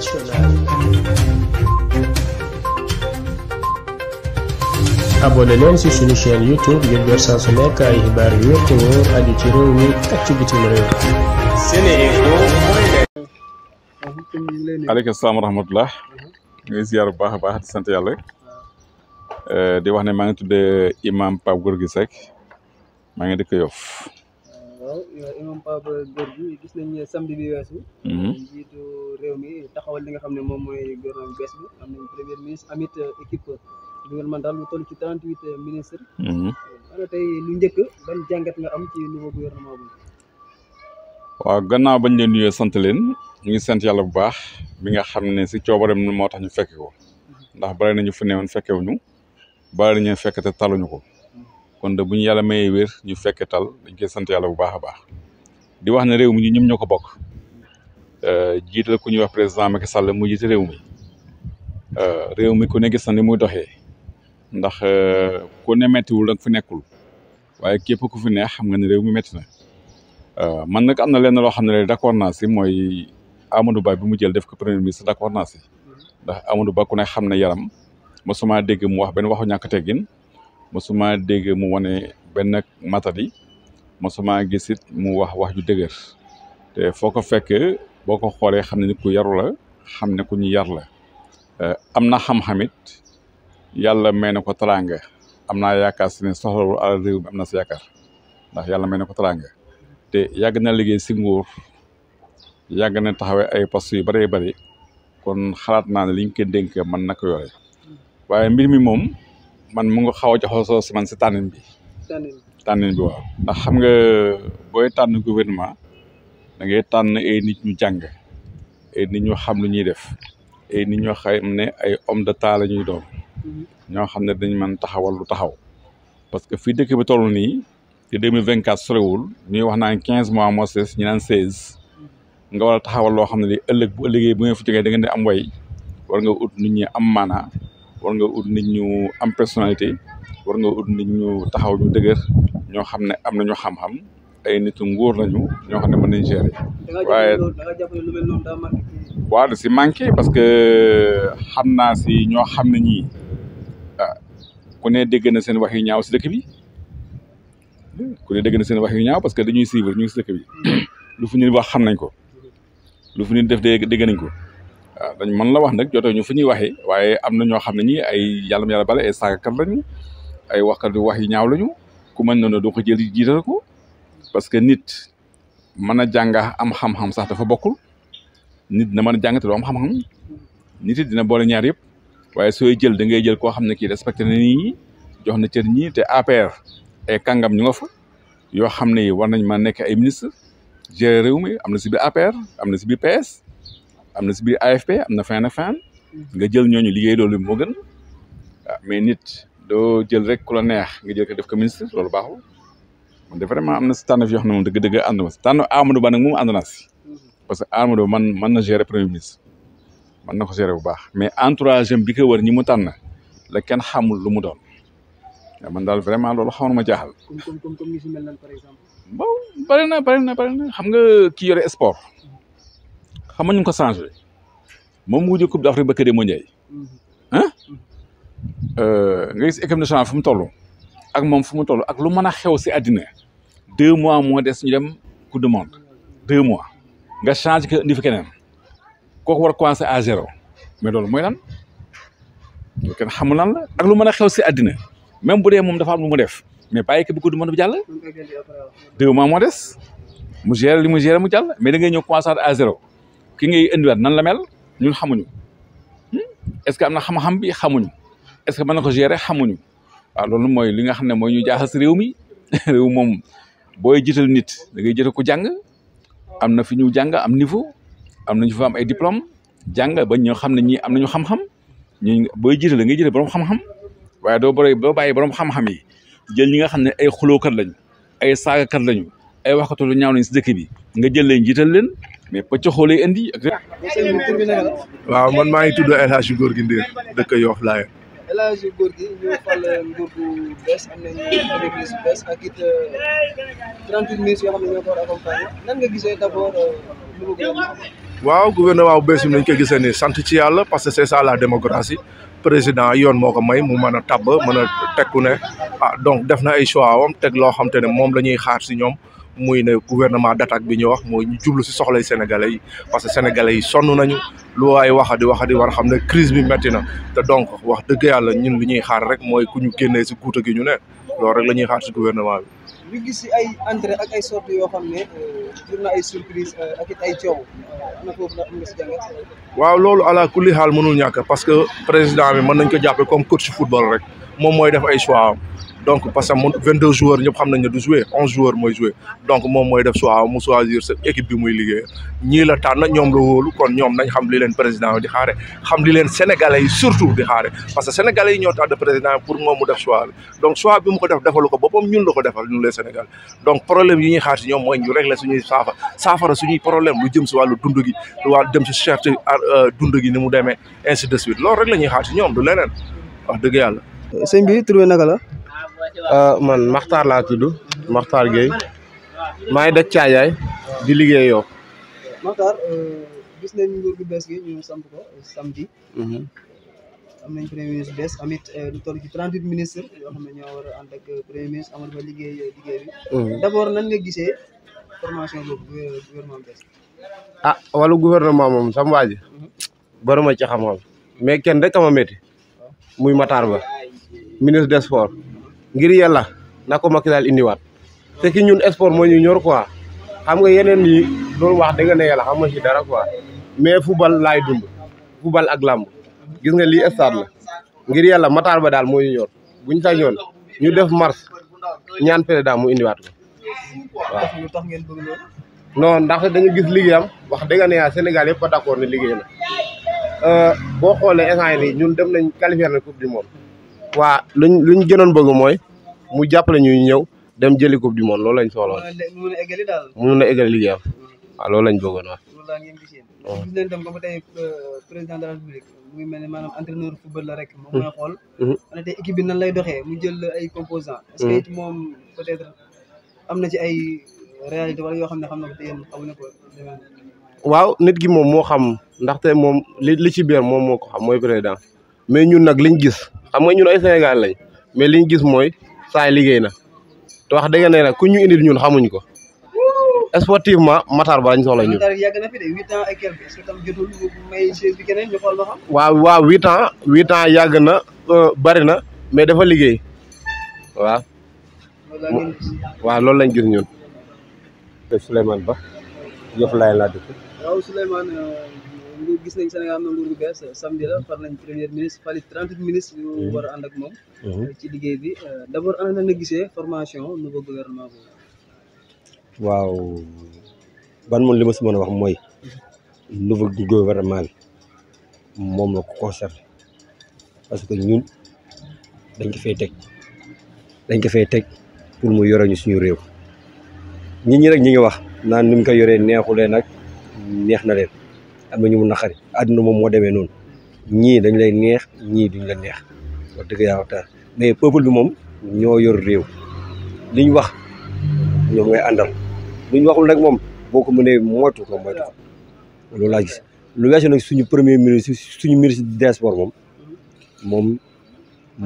internationale. abonné leen ci suñu youtube ngir saa su ay xibaar yu wér te wóor aju ci réew mi ak ci bitim réew. aleykum salaam rahmatulah. ñuy ziar bu baax a baax di sant yàlla. Eh, di wax ne maa ngi tudd imam Pape Gorgui Seck maa ngi dëkk Yoff. waaw euh, imam Pape Gorgui gis nañ ne samedi bi weesu mhm. euh, njiitu réew mi taxawal li nga xam ne moom mooy gouvernement bees bi am nañ premier ministre amit euh, équipe gouvernementale mhm. njëkk ban jàngat nga am ci nouveau gouvernement bi waaw gannaaw bañ leen nuyoo sant leen ñu ngi sant yàlla bu baax bi nga xam ne si coobaram moo tax ñu fekk ko mhm. ndax bari nañu fu newoon fekkewuñu bari nañu fekk te taluñu ko kon de bu ñu yàlla mayee wér ñu fekke sant yàlla bu baax a baax di wax ne réew mi ñu ñoom ñoo ko bokk euh, jiital ku ñuy wax président Macky Sall mu jiite réew mi euh, réew mi ku ne gis na ni muy doxee ndax euh, ku ne mettiwul nag fu nekkul waaye képp ku fi neex xam nga ne réew mi metti na man nag am na lenn loo xam ne d'accord naa si mooy Amadou Ba bi mu jël def ko premier ministre d'accord naa si ndax Amadou Ba ku xam ne yaram mosuma dégg mu wax benn waxu ñàkk teggin mosuma dégg mu wane benn matadi mosuma gis it mu wax wax ju dëgër te foo ko fekk boo ko xoolee xam ne nit ku yaru la xam ne ku ñu yar la eh, am na xam-xamit yàlla may na ko teraanga am naa yaakaar si ne soxlawul alal réew mi am na si yaakaar ndax yàlla may na ko teraanga te yàgg na liggéey si nguur yàgg na taxawee ay poste yu bëree bëri kon xalaat naa ne liñ ko dénk mën na ko yore waaye mbir moom man mu nga xaw a joxasoo si man si tànnin bi. tànnin bi waaw. ndax xam nga booy tànn gouvernement da ngay tànn ay nit ñu jàng ay nit ñoo xam lu ñuy def ay nit ñoo xam ne ay homme d'état la ñuy doon. Mm-hmm. ñoo xam ne dañ mën taxawal lu taxaw. parce que fii dëkk bi toll nii te deux mille vingt quatre sorewul ñuy wax naan quinze mois mois sees ñu naan seize mm-hmm. nga war a taxawal loo xam ne li ëllëg bu ëllëgee bu ngeen fi jógee da ngeen di am way war nga ut nit ñi am maanaa war nga ut nit ñu am personnalité war nga ut nit ñu taxaw ñu dëgër ñoo xam ne am nañu xam-xam ay nitu nguur lañu ñoo xam ne mën nañ gérer waaye waaw da si manqué parce que xam naa si ñoo xam ne ñii ah, ku ne dégg na seen wax yu ñaaw si dëkk bi ku ne dégg na seen wax yu ñaaw parce que dañuy suivre ñu ngi si dëkk bi mm. lu fu ñuy wax xam nañ ko lu fu ñuy def dégg nañ ko waaw ah, dañ mën la wax nag jotee ñu fu ñuy waxe waaye am na ñoo xam ne ñii ay yàlla yàlla bale ay saagakat lañu ay waxkat yu wax yu ñaaw lañu ku mën noonu doo ko jël jiital ko parce que nit mën a jànga am xam-xam sax dafa bokkul nit dina mën a jàng te doo am xam-xam nit it dina boole ñaar yëpp waaye sooy jël da ngay jël koo xam ne kii respecté na nit ñi jox na cër ñi te APR ay kàngam ñu nga fa yoo xam ne war nañ mën a nekk ay ministre gérer réew mi am na si biir APR am na si biir PS. am na si biir AFP am na fenn ak fenn nga jël ñooñu liggéey loolu moo ah, mais nit doo jël rek ku neex nga jël ko def ko ministre loolu baaxul de vraiment am na si tànn fi yoo xam moom dëgg-dëgg ànd ma si tànn Amadou Ba nag moom ànd naa parce que Amadou Ba man mën na gérer premier ministre mën na ko gérer bu baax mais entourage bi ko wër mu tànn la kenn xamul lu mu doon ah, man daal vraiment loolu xaw na ma jaaxal. comme comme comme na bëri na xam nga kii yore sport. xam nga ñu ko changé moom mu wujjee coupe d'Afrique ba Kédé Mondiaye ah nga gis équipe nationale fu mu toll ak moom fu mu toll ak lu mën a xew si àddina deux mois moo des ñu dem coupe du monde deux mois nga changé ko indi fi keneen kooku war a commencé à zéro mais loolu mooy lan loolu kenn xamul lan la ak lu mën a xew si àddina même bu dee moom dafa am lu mu def mais bàyyi ko bi coupe du monde bi jàll deux mois moo des mu géré li mu géré mu jàll mais da ngay ñëw commencé à ki ngay indiwaat nan la mel ñun xamuñu est-ce que am na xam-xam bi xamuñu est-ce que mën na ko gérer xamuñu waaw loolu mooy li nga xam ne mooy ñu jaaxas réew mi réew moom booy jiital nit da ngay jiital ko jàng am na fi ñu jàng am niveau am nañu fa am ay diplôme jàng ba ñoo xam ne ñii am nañu xam-xam booy jiital da ngay jiital borom xam-xam waaye doo bari doo bàyyi borom xam-xam yi jël ñi nga xam ne ay xulookat lañu ay saagakat lañu ay waxkatu lu ñaaw lañ si dëkk bi nga jël leen jiital leen mais pëcc xoolee indi. waaw man maa ngi tudd El Hadj Gorgui Ndir dëkk Yoff Laye. El Hadj Gorgui ñu fal euh, nguur bu euh, ne ñoo ko war euh, waaw gouvernement nañ ko gisee ni sant ci yàlla parce que c' est ça la démocratie président yoon moo ko may mu mën a tabb mën a tekku ne ah donc def na ay choix wam teg loo xam ne moom la ñuy xaar si ñoom. muy ne gouvernement d'attaque bi ñu wax mooy ñu jublu si soxlay sénégalais yi parce que sénégalais yi sonn nañu lu waay waxa di waxa di war a xam ne crise bi métti na te donc wax dëgg yàlla ñun li ñuy xaar rek mooy ku ñu génnee si guuta gi ñu ne loolu rek la xaar si gouvernement bi. ñu gis ay entrée ak ay sorties yoo xam ne euh, jur ay surprise euh, ak euh, loolu ala kulli xaal mënul ñàkk parce que président bi mën nañ ko jàppee comme coach football rek. moom mooy def ay choix am donc parce que mu 22 joueurs ñëpp xam nañ ne du jouer 11 joueurs mooy jouer donc moom mooy def choix am mu choisir sa équipe muy liggéey ñii la na ñoom la wóolu kon ñoom nañ xam li leen président di xaare xam li leen sénégalais yi surtout di xaare parce que sénégalais yi ñoo tànn président pour moom mu def choix donc choix bi mu ko def defalu ko boppam ñun la ko defal ñun les sénégal donc problème yi ñuy xaar si ñoom mooy ñu régler suñuy saafara saafara si wàllu dund gi lu wàllu jëm si cherté euh, dund gi ni mu demee ainsi de suite loolu rek la ñuy xaar si ñoom du leneen wax dëgg sëñ bi tur bi naka la. Euh, man Makhtar laa tudd Makhtar Gueye maa ngi dëkk Caajaay di liggéey yoo Makhtar euh, gis nañ nguur gu bees gi ñu samp ko samedi. Mhm. am nañ premier ministre bees amit euh, lu toll ci trente ne ñoo liggéey mhm. abord nan nga gisee formation boobu gouvernement ah wàllu gouvernement moom sama waa ji. Mhm. bari ma ci xam-xam mais kenn rek a ma muy Matar Ba. ministre des sports ngir yàlla na ko Macky Sall indiwaat te ki ñun sport moo ñu ñor quoi xam nga yeneen yi loolu wax dëgg ne yàlla xam nga ci dara quoi mais football laay dund football ak làmb gis nga lii stade la ngir yàlla Matar Ba daal mooy ñu ñor bu ñu sañoon ñu def mars ñaan président mu indiwaat ko waaw. non ndax da nga gis liggéeyam wax dëgg ne yaa Sénégal yëpp ba d'accord ne liggéey na euh, boo xoolee instant yii ñun dem nañ qualifier na coupe du monde. waa luñ luñ gënoon bëgg mooy mu jàppale ñu ñëw dem jëli coupe di moon loolu lañ soxla woon. mun a eggali lañ bëggoon wax. loolu ngeen oh. gis nañ tam ba ba tey euh, président de la république muy mel ne maanaam entraîneur football la rek. moom mooy hmm. xool. xanaa hmm. tey équipe bi nan lay doxee mu jël ay composant est que hmm. it moom peut-être am na ci ay réalité wala yoo xam ne xam na ko te yéen xamuñu ko. waaw nit gi moom moo xam ndaxte moom li li ci biir moom moo ko xam mooy président mais ñun nag liñ gis. xam nga ñun ay Sénégal lañ mais li gis mooy saay liggéey na te wax dëgg ne nag ku ñu indil ñun xamuñ ko sportivement Matar Ba lañ soxla ñun. waaw waaw huit ans huit yàgg na euh, na mais dafa liggéey waaw. waaw loolu lañ gis ñun. Souleymane Ba Jëf laay laa ñu gis nañ Sénégal am na nguur gu bees samedi la nañ premier ministre falit trente ministres yu mhm. war a ànd ak moom mhm. ci liggéey bi euh, d' abord ana na nga gisee formation nouveau gouvernement boobu waaw ban moom li ma si mën a wax mooy nouveau gouvernement bi moom la ko concerné parce que ñun dañ ko fay teg dañ ko fay teg pour mu yore ñu suñu réew nit ñi rek ñi ngi wax naan ni mu yoree neexu leen ak neex na leen am na ñu mu naqari àdduna moom moo demee noonu ñii dañ lay neex ñii duñ la neex wax dëgg yàlla taal mais peuple bi moom ñoo yor réew liñ wax ñoom ngay àndal luñ waxul rek moom boo ko mënee moytu ko moytu ko laaj lu weesu nag suñu premier ministre suñu ministre de sports moom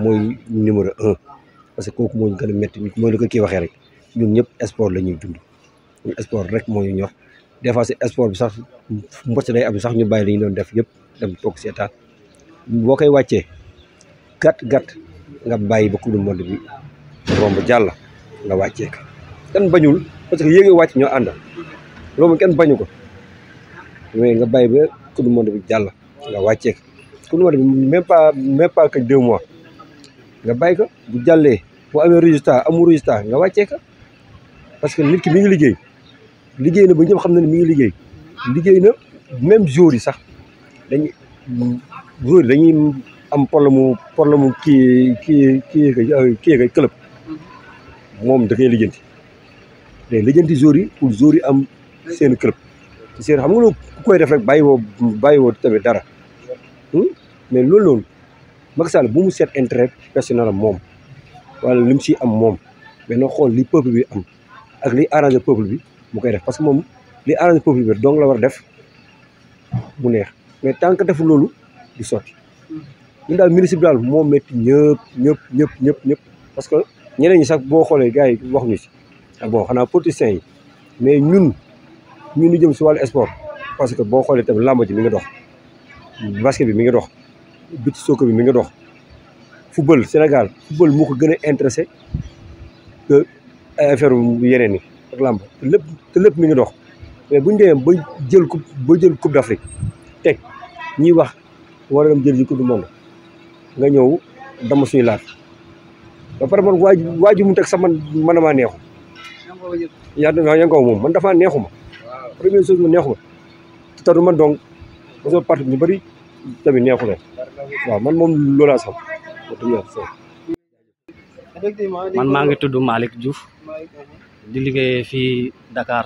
mooy numéro un parce que kooku mooñ ñu gën a métti mooy lu ko kii waxee rek ñun ñëpp sport la ñuy dund sport rek moo ñu des fois si sport bi sax mbëtt day am sax ñu bàyyi li ñu doon def yëpp dem toog seetaan boo koy wàccee gàtt gàtt nga bàyyi ba coupe du monde bi romb jàll nga wàcceek ko kenn parce que yéegi wàcc ñoo ànd loolu kenn bañu ko mais nga bàyyi ba coupe du monde bi jàll nga wàccee ko coupe nga bàyyi ko bu jàllee bu amee résultat amu résultat nga wàccee ko parce que nit ki mi ngi liggéey. liggéey na ba ñëpp xam na ne ngi liggéey liggéey na même jour yi sax dañuy jour yi am problème mu problème mu kii kii kii kii kay club moom da koy lijjanti day lijjanti jour yi pour jour yi am seen club te seen xam nga loolu koy def rek bàyyi woo bàyyi woo tamit dara hmm? mais loolu noonu Macky Sall bu mu seet intérêt personnel am moom wala li si am moom mais na xool li peuple bi am ak li arrangé peuple bi mu koy def parce que moom li arrange peuple bi donc la war a def mu neex mais tant que deful loolu du sotti hmm. ñun daal ministre bi daal moo métti ñëpp ñëpp ñëpp ñëpp ñëpp parce que ñeneen ñi sax boo xoolee gars yi waxuñu ci ah bon xanaa politiciens yi mais ñun ñun ñu jëm si wàllu sport parce que boo xoolee tamit làmb ji mi ngi dox basket bi mi ngi dox beach soccer bi mi ngi dox football Sénégal football moo ko gën a intéressé que affaire yeneen yi ak làmb te lépp te lépp mi ngi dox mais bu ñu ba jël coupe ba jël coupe d'Afrique teg ñiy wax war a dem jël ji coupe du monde nga ñëw dama suñu ba pare man waa waa ji mu teg sax man man maa neexu yaa ngi ko moom man dafa neexu ma première chose ma neexu ma te man donc ba sama parti ñu bëri tamit neexu leen man moom loolaa sax man maa ngi tudd Malick Diouf di liggéeyee fii Dakar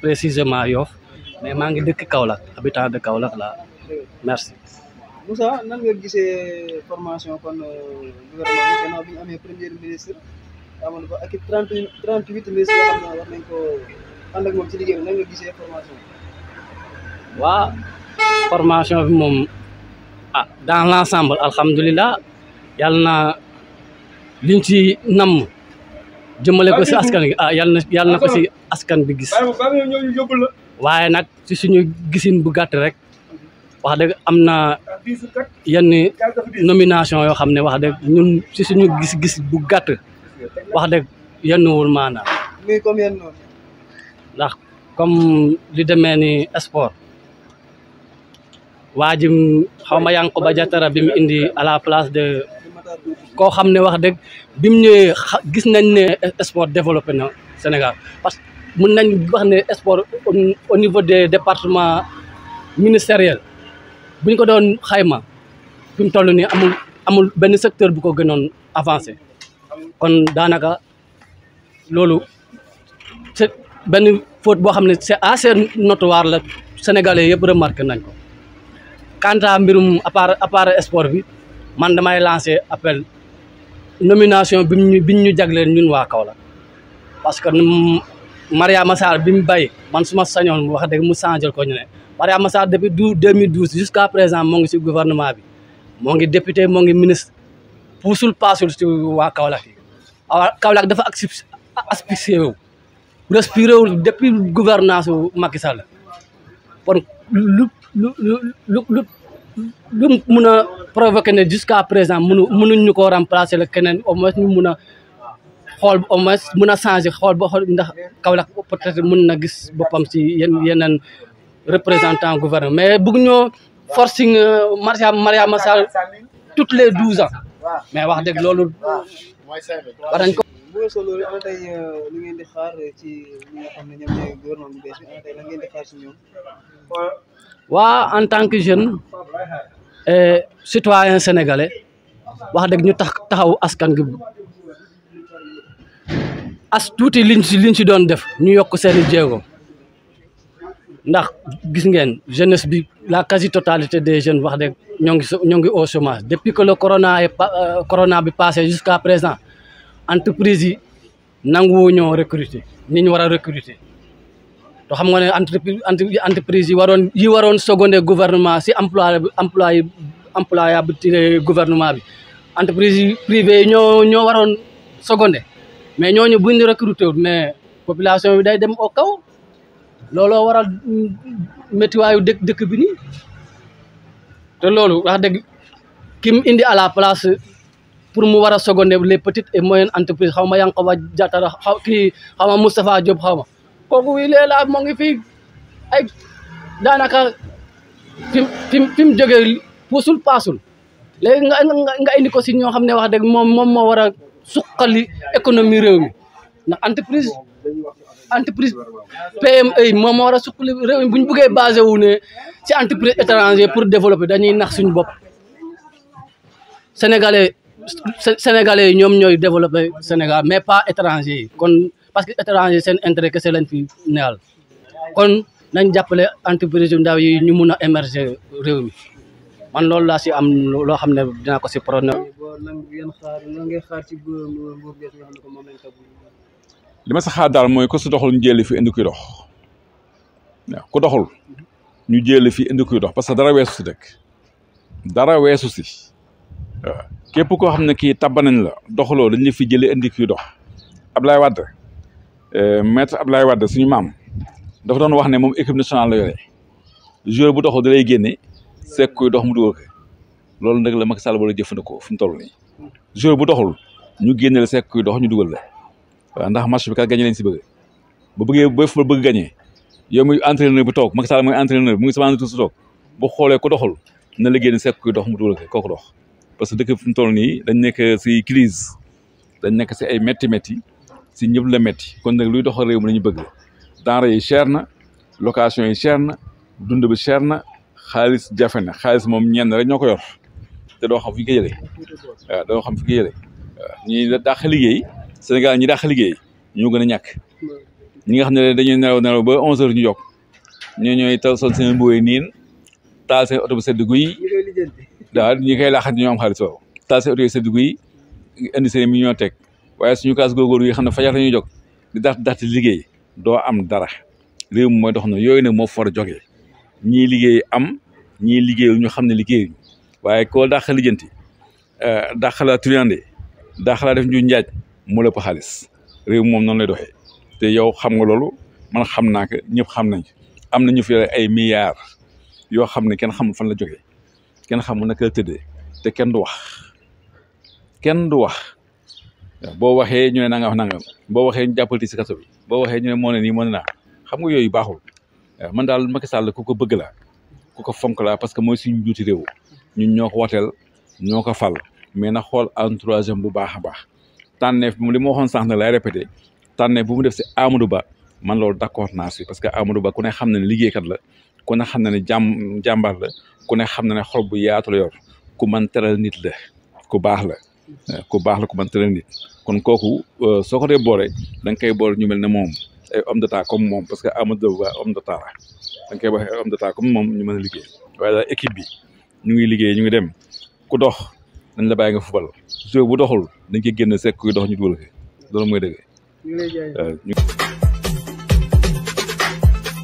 plus yo mais maa ngi dëkk Kaolack habitant de Kaolack la merci. Moussa nan nga gisee kon euh, gouvernement bi gannaaw premier ministre amoon ba ak i huit ministres yoo xam ne war nañ ko ànd ak moom ci liggéey bi ah, dans l' ensemble alhamdulilah yàlla na liñ ci namm. jëmale ko si askan gi ah yal na yal askan bi gis waaye nag si suñu gisin bu gàtt rek wax dëgg am na yenn nomination yoo xam ne wax dëgg ñun si suñu gis-gis bu gàtt wax dëgg yennuwul maanaam ndax comme li demee ni sport waajim xaw ma Yankuba Diattara bi indi à la place de koo xam ne wax dëgg bi mu ñëwee gis nañ ne sport développé na Sénégal parce que mën nañ wax ne sport au niveau des département ministériels bu ko doon xayma fi mu toll nii amul amul benn secteur bu ko gënoon avancé kon daanaka loolu c'est benn faute boo xam ne c'est assez notoire la sénégalais yëpp remarqué nañ ko quant à mbirum à bi man damay lancer appel nomination bi ñu biñ ñu jagleel ñun waa Kaolack parce que Mariama Sarr bi mu bàyyi man suma ma sañoon wax dëgg mu changé ko ñu ne Mariama Sarr depuis du 2012 jusqu'à présent moo ngi si gouvernement bi moo ngi député moo ngi ministre puusul paasul si waa Kaolack yi waaw Kaolack dafa asphyxié wu respiré wu depuis gouvernance wu Macky Sall kon lu lu lu lu lu mun provoqué ne jusqu'à présent mënu mënuñ ñu koo remplacer la keneen au moins ñu mun a xool au moins mun a changer xool ba xool ndax Kaolack peut-être na gis boppam si yenn yeneen représentant gouvernement mais bëgg ñoo forcing euh, Maria Mariama Sall toutes les douze ans mais wax dëgg loolu war ko euh, bu en tant que jeune Euh, citoyen sénégalais wax dëgg ñu tax taxaw askan gi as tuuti liñ liñ si doon def ñu yokk seeni jéego ndax gis ngeen jeunesse bi la quasi totalité des jeunes wax dëgg ñoo ñoo ngi au chômage depuis que le corona euh, bi passé jusqu'à présent entreprise yi nanguwoo ñoo recruter ni ñu war a recruter te xam nga ne entreprise entreprise yi waroon yi waroon seconder gouvernement si emploi emploi employabilité gouvernement bi entreprise yi privée yi ñoo ñoo waroon seconder mais ñooñu buñ recruter mais population bi day dem au kaw looloo waral métiwaayu dëkk dëkk bi nii te loolu wax dëgg kim indi à la place pour mu war a seconder les petites e moyennes entreprises xaw ma Yankhoba Diattara xaw ki xaw ma Moustapha Diop xaw ma kooku Wile la moo ngi fi ay daanaka fi fi fi mu jógee puusul paasul léegi nga nga indi ko si ñoo xam ne wax dëgg moom moom moo wara a suqali économie réew mi ndax entreprise entreprise PME moom moo war a suqali réew mi bu ñu bëggee basé wu ne si entreprise étranger pour développer dañuy nax suñu bopp sénégalais sénégalais yi ñoom ñooy développer Sénégal mais pas étranger yi kon. parce que étranger yi seen intérêt kese lañ fi neyal kon nañ jàppale entreprise yu ndaw yi ñu mun a émerger réew mi man loolu laa si am loo xam ne dinaa ko si prôné. li ma sa xaar daal mooy ko su doxul ñu jëlee fi indi kuy dox waaw ku doxul ñu jëlee fi indi kuy dox parce que dara weesu si dëkk dara weesu si waaw képp koo xam ne kii tabba nañ la doxuloo dañ la fi jëlee indi kuy dox Ablaye Wade. Euh, maître Abdoulaye Wade suñu maam dafa doon wax ne moom équipe nationale la yore joueur bu doxul da lay génne sekk dox mu dugal ko loolu nag la Macky Sall war jëfandikoo fu mu toll nii joueur bu doxul ñu génne sekk dox ñu dugal la ndax match bi kat gagné lañ si bëgg bu bëggee ba fa bëgg gagné yow muy entraîneur bu toog Macky Sall mooy entraîneur mu ngi semence de su toog bu xoolee ku doxul na la génne sekk dox mu dugal ko kooku dox parce que dëkk fu mu toll nii dañ nekk si crise dañ nekk si ay métti métti. si ñëpp la métti kon nag luy doxal réew mi la ñu bëgg denrée yi cher na location yi cher na dund bi cher na xaalis jafe na xaalis moom ñenn rek ñoo ko yor te doo xam fi ñu ko jëlee waaw doo ñi dàq liggéey Sénégal ñi dàq liggéey ñoo gën a ñàkk ñi nga xam ne dañuy nelaw nelaw ba onze ñu jóg ñoo ñooy tal sol seen mbooy niin taal seen oto bu sedd guy waaw ñi koy laaxat ñoo am xaalis boobu taal seen oto yi sedd guy indi seen million teg waaye suñu kaas góorgóor yi xam ne fajar lañuy jóg di dax dax liggéey doo am dara réew mooy dox na yooyu nag moo for a joge ñii liggéey am ñii liggéey ñu xam ne liggéey waaye koo dàq lijjanti euh, dàq laa turiyande dàq laa def ñu njaaj mu lëpp xaalis réew moom noonu lay doxee te yow xam nga loolu man xam naa ko ñëpp xam nañ am na fi ay milliards yoo xam ne kenn xamul fan la jógee kenn xamul naka la tëddee te kenn du wax kenn du wax. boo waxee ñu ne nangam nangam boo waxee ñu jàppalti si kaso boo waxee ñu ne moo ne nii moo naa xam nga yooyu baaxul man daal Macky Sall ku ko bëgg la ku ko fonk laa parce que mooy suñu njiitu réew ñun ñoo ko wateel ñoo ko fal mais na xool entourage bu baax a baax tànneef bi li ma waxoon sànq na lay répété tànneef bu mu def si Amadou Ba man loolu d'accord naa si parce que Amadou Ba ku ne xam na ne liggéeykat la ku ne xam na ne jàmm jàmbaar la ku ne xam na ne xol bu yaatu la yor ku man teral nit la ku baax la ku baax la man teral nit kon kooku euh, soo ko dee boole da nga koy boole ñu mel ne moom ay homme d'état comme moom parce que Amadou Ba homme d'état la da nga koy waxee homme d'état comme moom ñu mën a liggéey waaye daal bi ñu ngi liggéey ñu ngi dem ku dox dañ la bàyyi nga fubal su bu doxul dañ koy génn sek kuy dox ñu dugal ko loolu mooy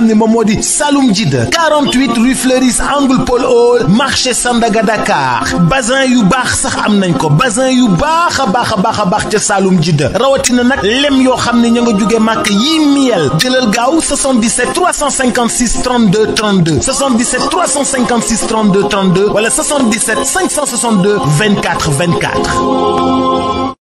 xam moom moo di Saloum Jide 48 rue Fleuris angle Paul Hall marché Sandaga Dakar bazin yu baax sax am nañ ko basin yu baax a baax a baax a baax ca Saloum Jide rawatina nag lem yoo xam ne ña nga jóge màkk yii miel jëlal gaaw 77 356 32 32 77 356 32 32 wala 77 562 24 24.